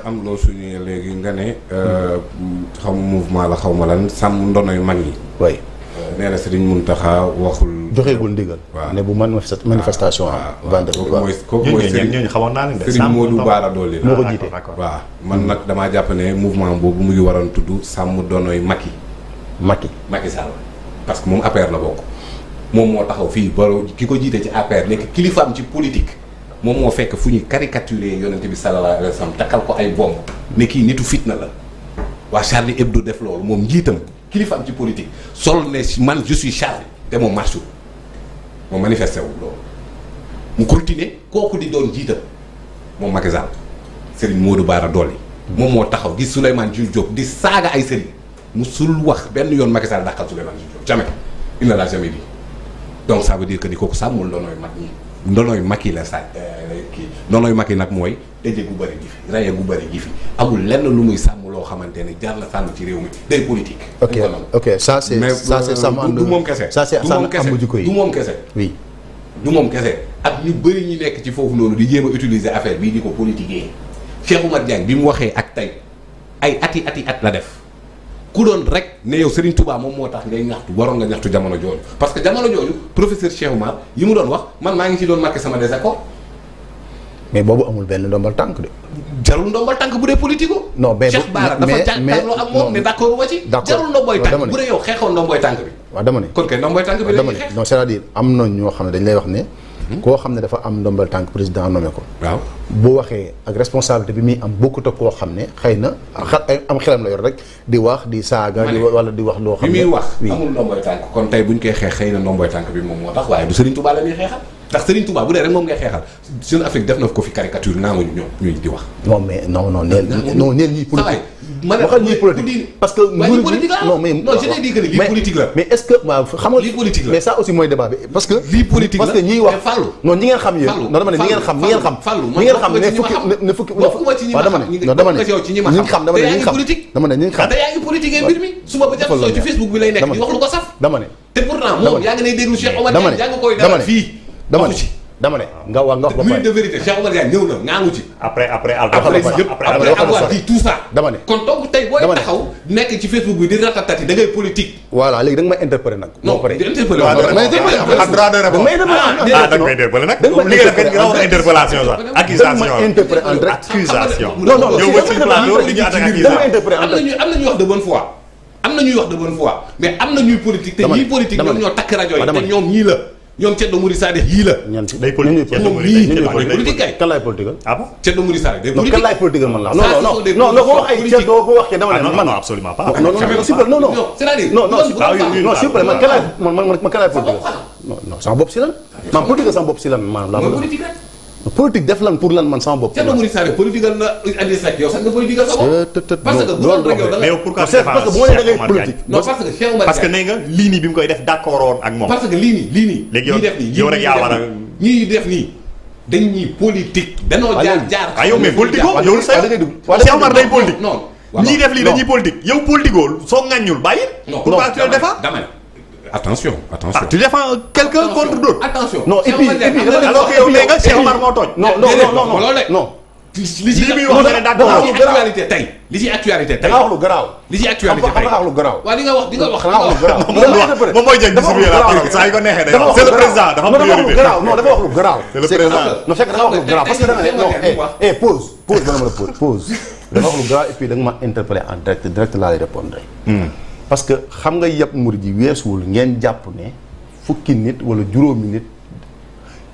sax am loo suñu léegi nga ne euh, xaw ma mouvement la xaw ma lan sàmm ndonoy mag ñi. oui euh, nee na Serigne Mountakha waxul. joxeegul ndigal. waaw ne bu man manifestation am. vendredi waaw kooku mooy Serigne ñooñu xamoon naa leen de. Serigne Modou Bara Dolly la moo ko jiite waaw man nag damaa jàpp ne mouvement boobu mu ngi waroon tudd sàmm ndonoy Macky. Macky Macky Sall parce que moom APR la bokk moom moo taxaw ba ci politique. mom mo fekk fu ñuy caricaturer yonent bi sallallahu alayhi wasallam takal ko ay bomb ne kii nitu fitna la waa Charlie Hebdo def loolu moom njiitam am ci politique sol ne man je suis Charlie te moom marché moom manifesté wu loolu mu continuer kooku di doon njiitam moom Macky Sall Serigne Modou Bara Dolly moom moo taxaw gis Souleymane Jules Diop di saaga ay Serigne sul wax benn yoon Macky Sall dàqal Souleymane Jules Diop jamais il ne l'a jamais dit donc ça veut dire que ni kooku sàmmul la nooy mat ñi ndonooy yi la sa euh, kii ndonooy yi nag mooy tëje gu bëri gi fi raye gu bëri gi fi amul lenn lu muy sàmm loo xamante ne jar la sàmm ci réew mi day politique. ok ok ça c'est ça c'est euh, sa ànd du moom kese. ça c'est sàmm ànd jikko yi moom kese oui. du moom kese ak ñu bëri ñu lekk ci foofu noonu di jéem a utiliser affaire bii di ko politiquer Cheikh Oumar Diagne bi mu waxee ak tey ay ati ati at la def. ku doon rek ne yow Serigne Touba moom moo tax ngay ñaxtu waroon nga ñaxtu jamono jooju parce que jamono jooju professeur Cheikh Oumar yi mu doon wax man maa ngi ci doon marqué sama désaccord. mais boobu amul benn ndombal tànk de. jarul ndombal tànk bu dee politique non mais Cheikh Bara dafa jarul ndomboy tànk bu dee yow xeexoon ndomboy tànk bi. waaw dama ne kon kay ndomboy tànk bi. dama ne non c'est-à-dire am na ñoo xam ne dañ lay wax ne. koo xam ne dafa am ndombal tànk président nommé ko. waaw bu waxee ak responsabilité bi muy am bokkut ak koo xam ne xëy na am xelam la yor rek di wax di saaga. di wala di wax loo xam ne bi muy wax. amul ndomboy tànk kon tey buñ koy xeex xëy na ndomboy tànk bi moom moo tax waaye du Serigne Touba la ñuy xeexal. ndax Serigne Touba bu dee rek moom ngay xeexal Jeune Afrique def na ko fi caricature naa ma ñu ñoom ñuy di wax. non mais non non. non non parce que. non mais que mais est-ce que mais ça aussi moi débat parce que. parce que non xam politique Facebook bi lay wax lu dama nga wax nga wax ba pare da ngay politique. voilà léegi da am na ñuy wax de bonne am na ñuy wax de bonne am na ñuy politique te ñii politique ñoom ñoo takk rajo te ñoom ñii la ñoom Thierno Mouride Sade yii la. ñan ci day politique ñoom yii politique kay. kan laay politique ah bon laay politique man la. non non non non boo wax ay Thierno boo ko laay man sama bopp si lan. man politique sama bopp si lan man la. mooy politique politique def lan pour lan man sama bopp. sa bopp. Euh, parce que nga lii nii bi mu koy def d'accord ak moom. léegi yow rek yaa war a ñii def nii dañuy politique. yow sax soo ŋaññul bàyyi. non non dama attention attention. tu défends quelqu'un contre d'autres. attention non et puis non non non non non. c'est le président c'est le président non pause direct parce que xam nga yàpp murid yi weesuwul ngeen jàpp ne fukki nit wala juróomi nit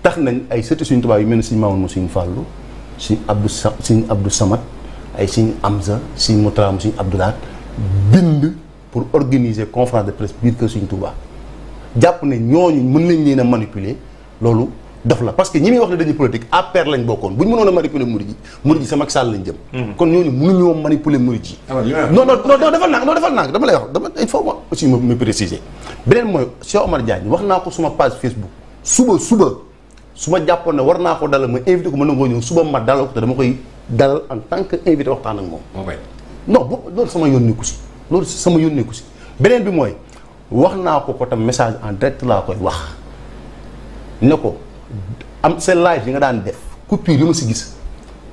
tax nañ ay sëti suñu tubaab yu mel ne suñu maamoon mu suñu fàllu suñu abdu sa samat ay suñu amza suñu mutaraam suñu abdulaat bind pour organiser conférence de presse biir kër suñu tubaab jàpp ne ñooñu mën nañ leen a manipuler loolu daf la parce que ñi muy wax ne dañuy politique APR lañ bokkoon bu ñu mënoon a manipuler murid yi murid yi sa Macky Sall lañ jëm hmm. kon ñooñu mënuñoo manipuler murid yi ah non non defal naa non defal naa dama lay wax dama il faut suba suba su ma jàppoon ne war naa ko dalal ma invité ko mën na ngoo ñëw suba ma dalal ko te dama koy dalal en tant que invité waxtaan ak moom ah non bu loolu sama yónni ku si loolu sama yónni ku si beneen bi mooy wax naa ko ko tam message en direct laa koy wax ko am seen live yi nga daan def coupure yi ma si gis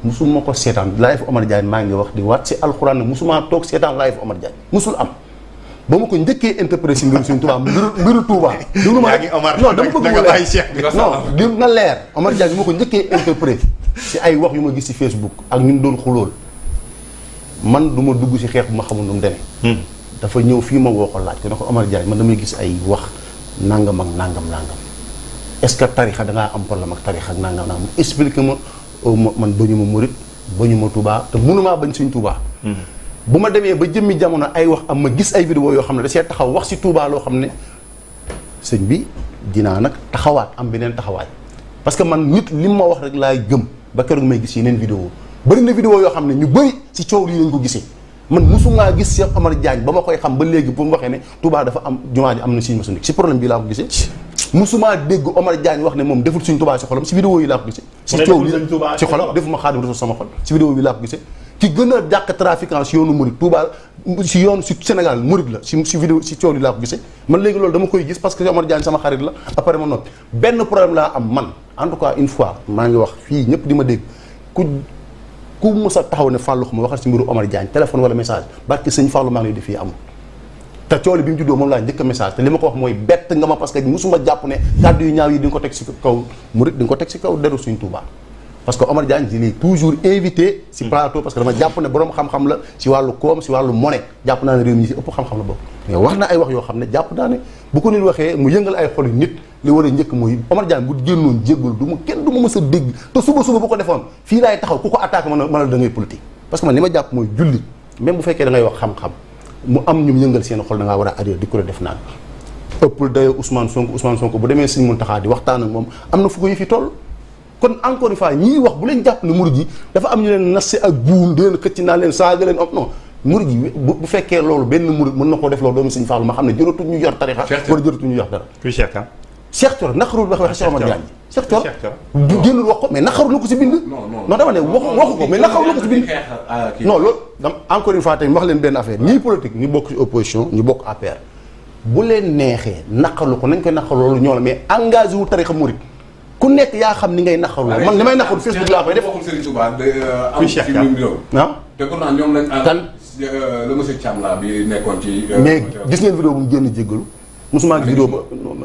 musuma ko setan live Omar Diagne ma ngi wax di wat si alxuraan musuma tok setan live Omar Diagne musul am ba ma ko ndeke interprété ci ngir sun Touba mbiru touba dou ma ngi Omar non dama bëgg mu cheikh non dim na leer Omar Diagne mako ndeke ko ci si ay wax yu ma gis ci Facebook ak ñun doon xulol man duma dugg si xex bu ma xamul nu dem hmm. dafa ñew fi ma woko laaj ko ko Omar Diagne man damay gis ay wax nangam ak nangam nangam. est-ce que tarixa dangaa am problème ak tarixa ak nangam naa mu expliqué euh, ma man bañu ma murit bañu ma tubaa te mënumaa bañ suñ tubaa mm-hmm. bu ma demee ba jëmmi jamono ay wax am ma gis ay vidéo yoo xam ne da see taxaw wax si tubaa loo xam ne sëñ bi dinaa nag taxawaat am beneen taxawaay parce que man nit li ma wax rek laay gëm ba keroog may gis yeneen vidéo bëri na vidéo yoo xam ne ñu bëri si coow lii lañ ko gisee man mosumaa gis Cheikh Omar Diagne ba ma koy xam ba léegi bu mu waxee ne tubaa dafa am jumaa ji am na siñ ma si bi laa ko musuma dégg Omar jaañ wax ne moom deful suñ tubaa si xolam si vidéo yi laa ko gisee si coow li si xolam defuma si vidéo yi laa ko gisee ki gën a jàq trafiquant si yoonu Mouride Touba si yoon si coow li laa ko gisee man léegi loolu dama koy gis parce que Omar Diagne sama xarit la après ma noppi benn problème laa am man en tout cas une fois maa ngi wax fii ñëpp di ma dégg ku ku mos a taxaw ne fàllu xuma waxal si mbiru Omar Diagne téléphone wala message barke sëñ fàllu maa ngi di fii amul te cooli bi mu juddoo moom laa njëkk message te li ma ko wax mooy bett nga ma parce que musuma jàpp ne kàddu yu ñaaw yi di nga ko teg si kaw murid di nga ko teg si kaw deru suñ Tuubaa parce que Omar Diagne je invité si plateau parce que dama jàpp ne borom xam-xam la si wàllu koom si wàllu monnaie jàpp naa ne réew mi si ëpp xam-xam la bokk mais wax na ay wax yoo xam ne jàpp naa ne bu ko nit waxee mu yëngal ay xolu nit li war a njëkk mooy Omar Diagne bu génnoon jéggul du ma kenn du ma mës a dégg te suba ko defoon fii laay taxaw ko attaqué a mën a da ngay politique parce que man ma jàpp mooy jullit même bu fekkee da ngay wax mu am ñum yëngal seen xol da ngaa war a arrière di ko def naan ëppul dayoo Ousmane Sonko Ousmane Sonko bu demee Sëñ Muntaxa di waxtaan moom am na fu ko yëfi toll kon encore une fois ñiy wax bu leen jàpp ne murid yi dafa am ñu leen nasse ak buum di leen xëcc naa leen saaga leen oh non murid yi bu fekkee loolu benn murid mën na koo def loolu doomu Sëñ Fallu ma xam ne jërëtul ñu yor tarixa wala jërëtul ñu yor dara Cheikh Thioro naqarul wax wax Cheikh Omar Diagne Cheikh Thioro du génnul wax ko mais naqarul ko si bind non dama ne wax waxu ko mais naqarul ko si bind non loolu dam encore une fois tey wax leen benn affaire ñii politique ñu bokk si opposition ñu bokk APR bu leen neexee naqarlu ko nañ koy naqarlu loolu ñoo la mais engagé wu tarixa murit ku nekk yaa xam ni ngay naqarlu man li may naqarlu Facebook laa koy def Serigne Touba am ci mim réew waaw te pourtant ñoom lañ kan le monsieur Thiam la bi nekkoon ci mais gis ngeen vidéo bu mu génn jéggalu musuma gis vidéo ba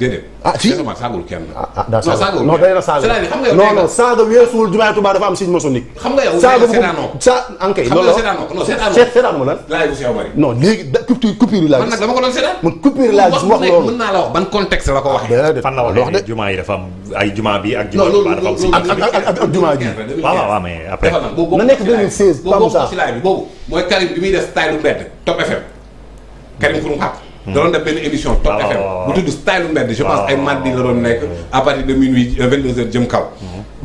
déedéet. ah si Cheikh Omar saagul kenn. ah, ah daa saagul non day na saaga. xam nga non non saaga weesuwul jumaay Tuubaa dafa am signe maçonnique. xam nga yow saaga bu sa ankay ah, loolu la xam nga seetaan ma lan. laay bu Cheikh Omar yi. non léegi da coupure coupure laa gis. man nag dama ko doon seetaan. man coupure laa gis wax loolu mën naa la wax ban contexte la ko waxee. Ah, fan la wax de jumaa yi dafa am ay jumaa bi ak. jumaa bi dafa am signe ak ak jumaa ji. waaw waaw mais après. na nekk 2016. Pape Moussa boobu mooy Karim bi muy def style mbedd Top FM Karim Xrum Xax Hmm. dans la def émission Top ah. FM Vous tudd style merde, je pense ah. ay mardi la doon à partir de minuit 22 euh, h jëm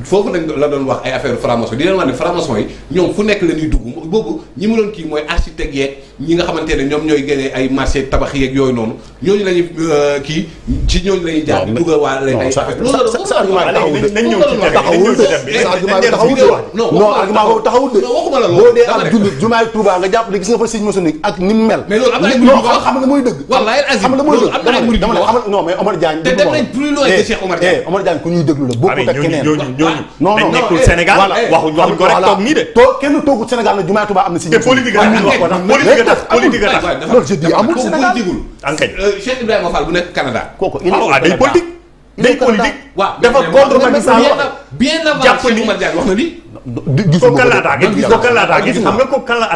foofu nag la doon wax ay affaire franc-maçon di leen wax ne franc-maçon yi ñoom fu nekk la ñuy dugg boobu ñi mu doon kii mooy architecte yeeg ñi nga xamante ne ñoom ñooy génnee ay marché tabax yeeg yooyu noonu ñooñu la ñuy euh, kii ci ñooñu la ñuy jaar dugga waa la ay affaire loolu sa argument taxawul nañ ñëw ci taxawul sa argument taxawul non non argument boobu taxawul de waxuma la loolu boo dee ab jullit jumaay Touba nga jàpp ne gis nga fa sëñ maçonnique ak ni mu mel mais loolu am na ay murid xam nga mooy dëgg wallaay azim xam nga mooy dëgg non mais Omar Diagne te dem nañ plus loin que Cheikh Omar eh, eh, Diagne Omar Diagne ku ñuy déglu la bokkut ak keneen ñooñu. no non nekkul eh, Sénégal eh, waxuñ waxuñ ko de. toog kenn toogul Sénégal nag jumaa Tuubaa am na si. te politique a tax politique a tax loolu je dis amul Sénégal politique euh, Cheikh Ibrahima Fall bu nekk Canada. kooku il est ah, day dafa contre Macky Sall bien avant jàpp ni wax na lii kooku gis kooku kan la attaqué xam nga kooku kan la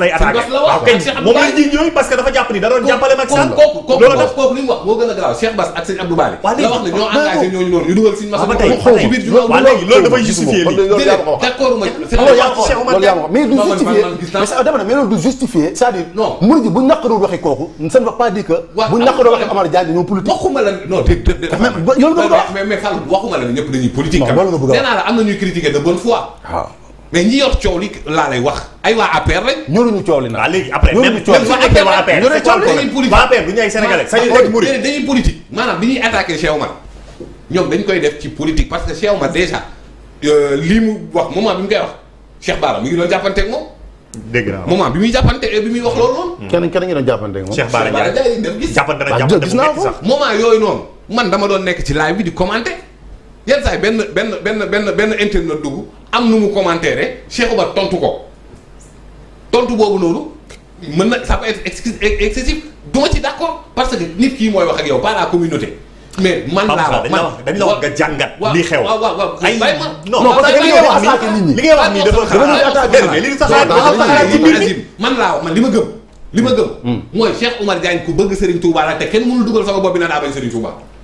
lay attaqué waaw kay moom lay jiñ yooyu parce que dafa jàpp li du justifié mais dama ne mais du justifié c'est-à-dire bu ñu waxi kooku ça ne veut bu ñu waxi Oumar Diagne ñoo politique waxuma mais loolu nga bëgg a wax mais mais Fall waxuma la ne ñëpp dañuy politique. non ah. loolu nga bëgg a wax nee naa la am na ñuy critiquer de bonne foi. waaw ah. mais ñi yor coow li laa lay wax ay waa APR lañ. ñoruñu coow li nag. waaw léegi après même coow li ak waa APR ñoruñu coow li dañuy politique waa APR du ñu ay sénégalais. sañu dëgg murid dañuy politique maanaam bi ñuy attaqué Cheikh Oumar ñoom dañ koy def ci politique parce que Cheikh Oumar déjà euh, lii mu wax moment bi mu koy wax Cheikh Bara mu ngi doon jàppanteeg moom. dégg naa moment bi muy jàppante euh, bi muy wax loolu noonu. kenn kenn ngi doon jàppante ak moom. Cheikh Bara Ndiaye jàppante na jàppante bu métti sax moment yooyu noonu man dama doon nekk ci live bi di commenter yenn saa yi benn benn benn benn benn internet dugg am nu mu commenter Cheikh Oumar tontu ko tontu boobu noonu mën na ça peut être excessif du ma ci d'accord parce que nit kii mooy wax ak yow par la communauté. mais man laa wax man dañ la wax nga jàngat. li xew waaw waaw waaw ay non parce que li ngay wax nii li ngay wax nii dafa xalaat li sax xalaat ci biir bi man laa wax man li ma gëm. li ma gëm. Hmm. mooy Cheikh Oumar Diagne ku bëgg Serigne Touba la te kenn mënul dugal sama bopp bi na daa bañ Serigne Touba.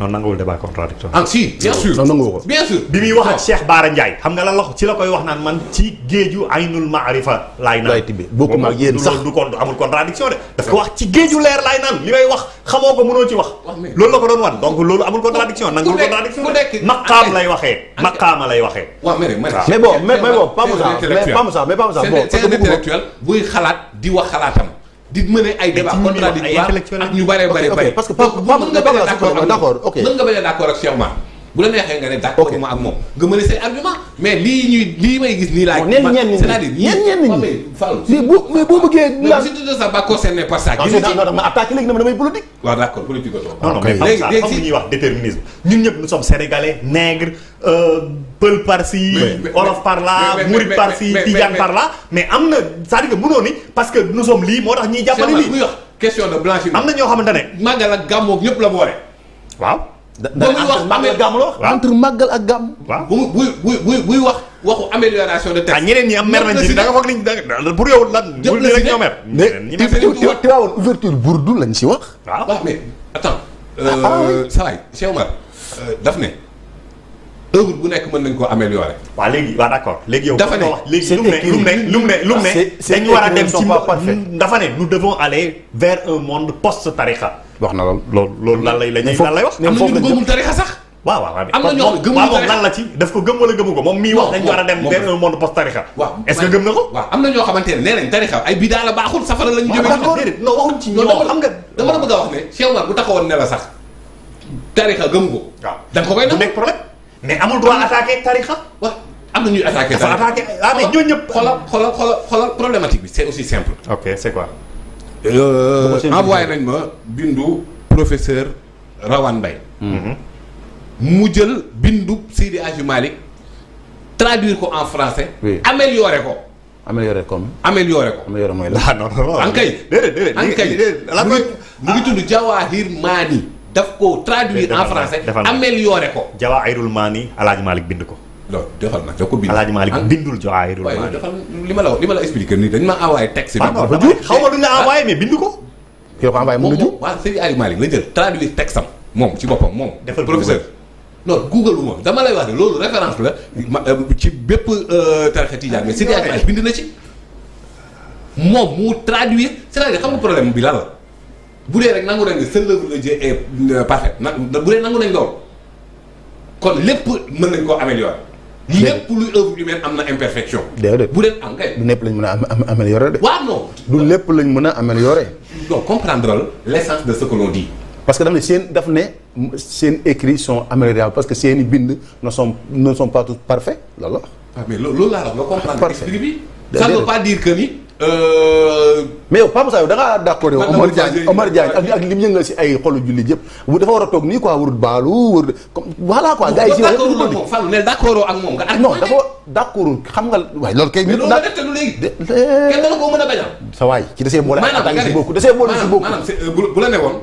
non nanguwul débat contradictoire ah bi muy wax ak Cheikh Baara Ndiaye xam nga lan la ci la koy wax naan man ci géeju aynul maarifa laay naan laay tibbi sax du kon amul contradiction de daf ko wax ci géeju leer laay naan li ngay wax xamoo ko mënoo ci wax loolu la ko doon wan donc loolu amul contradiction nanguwul contradiction maqaam lay waxee maqaama lay waxee waaw mais bon mais bon Pa Moussa mais Pa Moussa mais Pa Moussa bon c'est un intellectuel buy xalaat di wax xalaatam di mener ay débat contradictoire ak ñu bare bare bare parce que mën nga bañ a ak Cheikh Oumar bu la neexee nga ne d'accord ma ak moom nga mën a say mais lii ñuy lii may gis nii laa c'est-à-dire ñenn ñi Fallou mais boo bëggee la surtout de ça ba concerné par ça ah, ma attaqué léegi na ma damay politique waaw d'accord politique non non mais xam nga ñuy Peul par ci Olof par là Mourid par ci Tidiane par là mais amna ça dire que mëno ni parce que nous sommes li motax ñi jappali jàppale question de blanchiment amna ño xamantane magal ak gam ak ñep la boré waaw bu muy wax màggal gam lo wax entre magal ak gam bu bu bu buy wax waxu amélioration de texte ah, ñeneen ñi am mer nañ ci da nga foog ni pour yow lan bul ni rek ñoo mer ti waawoon ouverture bourdou lañ ci wax waaw mais attends ah, ah, euh Cheikh Omar euh, daf ne œuvre bu nek meun nañ koo améliorer. waaw léegi waaw d'accord léegi yow. dafa ne léegi lu ne lu ne lu ne lu ne. dañu war a dem ci dafa ne nous devons aller vers un monde post tarixa. waxna na loolu lan lay la lay wax. am na ñu gëmul tarixa sax. wa wa am na ñoo gëmul tarixa lan la ci daf ko gëm wala gëmugo mom mi wax dañu wara dem vers un monde post tarixa. waaw est-ce que gëm nako wa waaw am na ñoo xamante ne nee ay bidaa la baxul safara la ñu jëmee. d'accord non waxuñ ci ñoo xam nga dama la bëgg wax né Cheikh Omar bu taxawoon ne la sax tarixa gëmugo ko. da ko koy nak mais amul droit attaquer tarixa wa amna ñuy attaquer dafa attaquer ah mais ñoo ñep xolal xolal xolal xolal problématique bi c'est aussi simple ok c'est quoi euh, envoyer nañ ma bindu professeur Rawan Bay mhm. mu jël bindu Sidi aji malik traduire ko en français améliorer ko améliorer comme améliorer ko améliorer moy la ah non non ankay dede dede ankay la ko mu ngi tuddu Jawahir Mani daf ko traduire en français. améliorer ko. Jawaahirul Maani Alaaji Malick bind ko. loolu defal na da ko bind Alaaji Malik ah. bindul Jawaahirul Maani defal li ma la wax li ma la expliquer nii dañ ma envoyé texte bi. dafa juum xaw ma duñ la envoyé mais bind ko. yow ko envoyé mun na juum waaw Seydi Aliou Malick la jël traduire texte am moom ci boppam moom. defal professeur. non google moom dama lay wax ne loolu référence la euh, ci bépp euh, tarixa tijaan mais ah, Seydi Aliou Malick bind na ci moom mu traduire c'est-à-dire xam nga problème bi lan la. bu dee rek nangu nañ ne seule l'œuvre de Dieu est euh, parfaite na bu dee nangu nañ loolu kon lépp mën nañ koo améliorer. lépp luy œuvre humaine am na imperfection. déedéet bu dee am kay. du lépp lañ mën améliorer de. waaw non. du lépp lañ mën améliorer. donc comprendre l'essence de ce que l'on dit. parce que daf ne seen daf ne seen écrits sont améliorables parce que seen i bind ne sont ne sont pas toutes parfaits loolu la. Ah, mais loolu laa wax nga comprendre esprit ça ne veut pas dire que ni. Euh, mais yow Pape Saayo da ngaa d' accord yow Omar Diagne Omar Diagne ak ak lim yëngal si ay xolu julli yëpp bu dafa war a toog nii quoi warut baalu warut comme voilà quoi. d' accord ak moom nga. non dafa d' accord xam nga waaye loolu kay. nit na mais loolu léegi. kenn mën a bañal. sa waay ci desee boole. maanaam nga ne maanaam maanaam euh, bu la ne woon.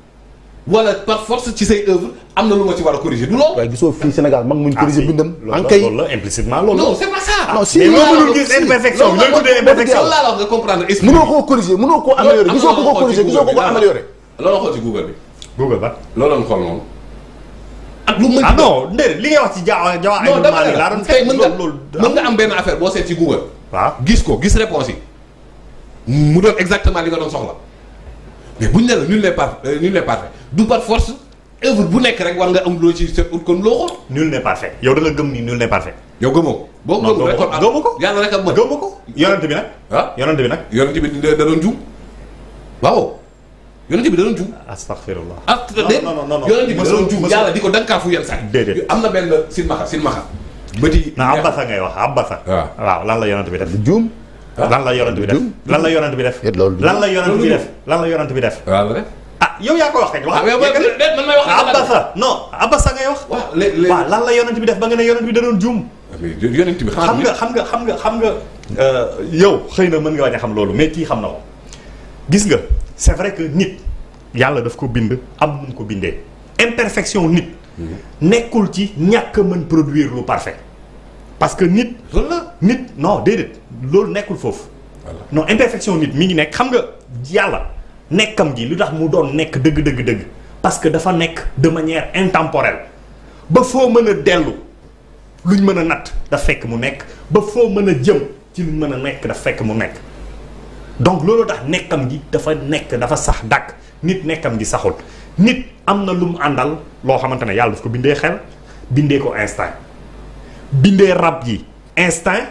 wala par force ci say œuvre am na lu ma ci war a corriger du loolu. waaye gisoo fii Sénégal mag muñ corriger ah, bindam. en kay loolu la implicitement loolu. la wax nga comprendre expliqué. mënoo koo corriger mënoo koo améliorer gisoo ko koo corriger gisoo ko xool ci Google bi. Google ba loolu la xool moom. ak lu mën ah li ngay wax ci jaww jaww ay. dama ne am benn affaire boo seet ci Google. waaw gis gis réponse yi mu doon exactement li nga doon soxla mais buñ ne la nul n'est pas du par force œuvre bu nekk rek war nga am loo ci seet ut kon loo xool. nul n'est parfait yow da gëm ni nul n'est parfait. yow gëmoo ko. boo gëmul rek kon ah, gëmoo ko yàlla rek am mën gëmoo ko. yonent bi nag. ah yonent bi nag. yonent bi da doon juum waaw yonent bi da doon juum. astaghfirullah. ah non non non non yonent bi da yàlla di ko dankaafu yenn saa yi. déedéet am na benn silmaxa silmaxa bëti. na abasa ngay wax abasa. waaw ah. waaw lan la yonent bi def juum. Ah. lan la yonent bi def lan la yonent bi def. lan la yonent bi def lan la yonent bi def. ah, ah yow yaa ko wax rek. wax ah, man may wax abasa non ngay wax. waaw lan la yonent bi def ba nga ne yonent bi da doon juum. yonent bi xam nga xam nga xam nga xam nga. Euh, yow xëy na mën nga bañ xam loolu mais kii xam na ko gis nga c'est vrai que nit yàlla daf ko bind am nu ko bindee imperfection nit mhm. nekkul ci ñàkk mën produir lu parfait parce que nit. la nit non dedet loolu nekul fof non imperfection nit mi ngi nek xam nga nek kam gi lu mu doon nek deug deug deug parce que dafa nek de manière intemporelle ba fo meuna a luñ meuna a da fekk mu nek ba fo meuna a jëm ci luñ meuna a da fekk mu nek donc lolo tax nekkam gi dafa nek dafa sax dak nit nekkam gi saxul nit amna lu mu àndal loo xamante ne daf ko bindé xel bindé ko instant bindé rap yi instinct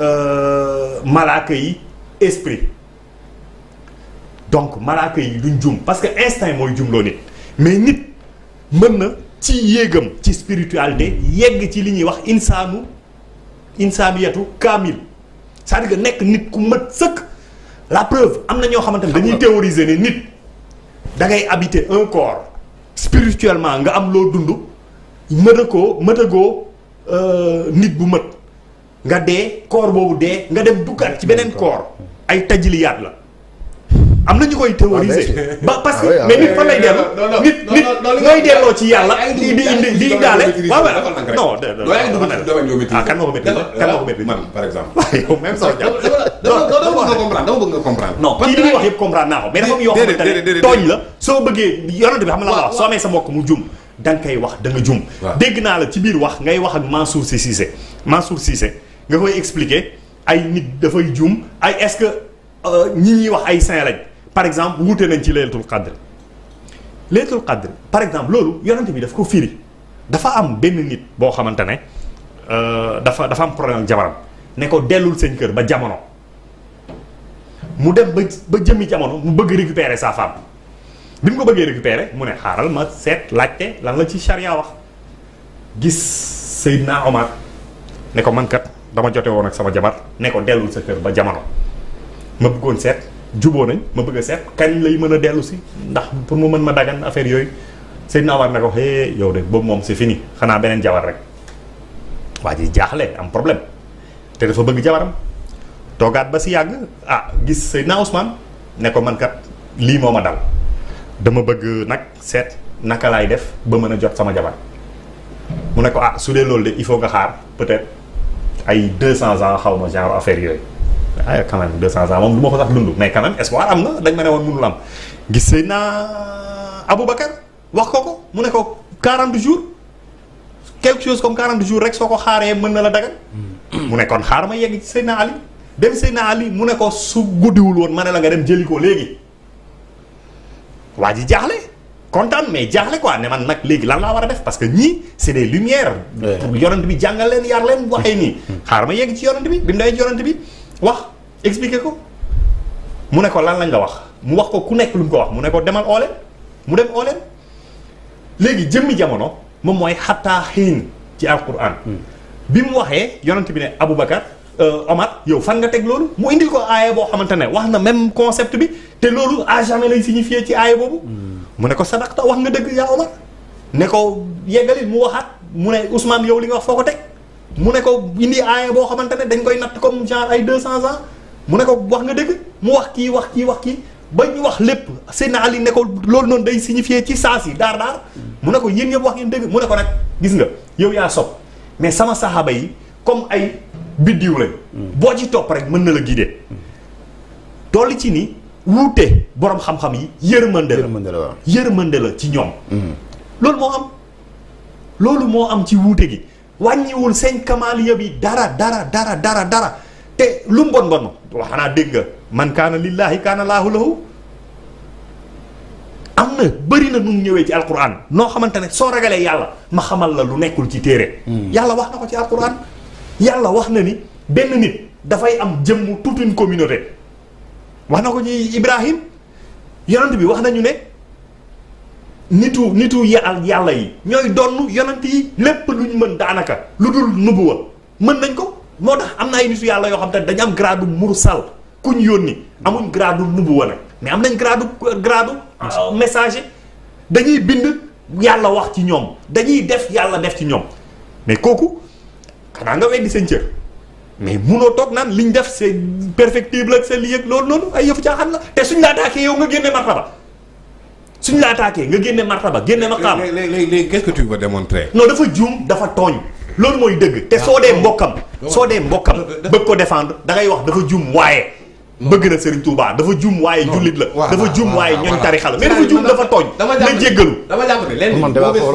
euh malaka yi esprit donc malaka yi luñ djum parce que instinct djum lo nit mais nit mën na ci yéegam ci spiritualité yegg ci liñ wax insanu insaaniyatu kamil c'est-à-dire que nekk nit ku mët seuk la preuve amna ñoo dañuy théoriser ni nit da ngay habiter un corps spirituellement nga am lo mëdëkoo euh nit bu mat nga dé koor bobu dé nga dem dugat ci benen koor ay tajiliyaat la am na koy théoriser ah, ba parce que ah, ah, mais nit fa lay dellu nit nit ngay delloo ci yalla di di indi di indaale waaw non ah kan moo ko métti kan moo ko métti man par exemple yow même soo jàpp dama bëgg nga comprendre dama bëgg nga comprendre non kii li muy wax yëpp comprendre naa ko mais dafa am yoo xamante ne la soo bëggee yonante bi xam la wax soo amee sa mbokk mu jum da nga koy wax da nga jum. dégg naa la ci biir wax ngay wax ak Mansour Sy Cissé Mansour siise nga koy expliquer ay nit dafay jum ay est-ce que euh, ñi ñuy wax ay saint lañ par exemple wuute nañ ci laylatul qadr laylatul qadr par exemple loolu yonent bi daf ko firi dafa am benn nit boo xamante ne euh, dafa dafa am problème ak jabaram ne ko dellul seen kër ba jamono mu dem ba ba jëmmi jamono mu bëgg récupérer saa femme. bi bagi ko bëggee récupérer mu ne xaaral ma seet laajte lan la ci charia wax gis Seydina Omar ne ko man kat dama jote won ak sama jabar ne ko delul sa kër ba jamono ma bëggoon set jubo nañ ma bëgg set kañ lay mëna delu ci ndax pour mu mën ma dagan affaire yooyu Seydina Omar ne ko hé yow de bo mom c'est fini xana benen jabar rek waji jaxlé am problème té dafa bëgg jabaram Togat ba si yàgg ah gis Seydina Usman ne ko man kat li moma dal dama bëgg nak seet naka lay def ba mëna jot sama jabar mu ne ko ah su dee loolu de il faut nga xaar peut-être ay 200 ans xawma ma genre affaire yoy ay ah, quand même 200 ans mom duma ko sax dund mais quand même espoir am na dañ ma néwon mënu lam am gis see naa wax ko ko mu ne ko 40 jours quelque chose comme 40 jours rek soko ko xaaree mën na la dagal hmm. mu ne kon xaar ma yegg ci Seydina Ali dem Seydina Ali mu ne ko su guddiwul wul won mané la nga dem jëliko légui waa ji jaaxle kontaan mais jaaxle quoi ne man nag léegi lan laa war a def parce que ñii c'est des lumières pour yonent bi jàngal leen yar leen waxee nii hmm. hmm. xaar ma yegg ci yonent bi bi mu demee ci yonent bi wax expliquer ko mu ne ko lan lañ la wax mu wax ko ku nekk lu mu ko wax mu ne ko demal ooleen mu dem ooleen léegi jëmm jamono moom mooy xattaa xiin ci alquran hmm. bi mu waxee yonent bi ne Aboubacar Euh, Omar yow fan nga teg loolu mu indil ko aaye boo xamante ne wax na même concept bi te loolu à jamais lay signifié ci aaye boobu. Hmm. mu ne ko sadaqta wax nga dëgg yaa Omar ne ko yeggali mu waxaat mu ne Ousmane yow li nga wax foo ko teg mu ne ko indi aaye boo xamante ne dañ koy natt comme genre ay 200 ans mu ne ko wax nga dëgg mu wax kii wax kii wax kii. ba ñu wax lépp Seydina Ali ne ko loolu noonu day signifié ci saa si daar daar hmm. mu ne ko yéen wax ngeen dëgg mu ne ko nag gis nga yow yaa sob mais sama saxaaba yi comme ay biddiw lañ. boo ci topp rek mën na la guider. dolli ci ni wuute boroom xam-xam yi yërmande la yërmande la yërmande la ci ñoom. Mm-hmm. loolu moo am loolu moo am ci wuute gi wàññiwul seen kamaaliya bi dara dara dara dara te lu mu bon bon wax naa dégg man kaana lillaahi kaana laahu lahu am na bëri na nu ñëwee ci alquran noo xamante ne soo ragalee yàlla ma xamal la lu nekkul ci téere. Mm-hmm. yàlla wax na ko ci alquran. yàlla wax na ni benn nit dafay am jëmm toute une communauté wax na ko ñuy Ibrahim yonent bi wax nañu ne nitu nitu yàlla yàlla yi ñooy donn yonent yi lépp ñu mën daanaka lu dul nubuwa mën nañ ko moo tax am na ay nitu yàlla yoo xam te dañu am gradu mursal kuñ yónni amuñ gradu nubuwa nag mais am nañ gradu gradu ah, message dañuy bind yàlla wax ci ñoom dañuy def yàlla def ci ñoom mais kooku xanaa nga weddi seen cër mais munoo toog naan liñ def c'est perfectible ak seen lii ak loolu noonu ay yëfu caaxaan na te suñ la attaqué yow nga génne martaba suñ la nga génne martaba génne maqaam. léegi léegi qu'est-ce que tu veux démontrer. non dafa juum dafa tooñ. loolu mooy dëgg te soo dee mbokkam soo dee mbokkam bëgg ko défendre da ngay wax dafa juum waaye bëgg na Serigne Touba dafa juum waaye jullit la dafa juum waaye ñooñ tarixa la mais dafa juum dafa tooñ na jéggalu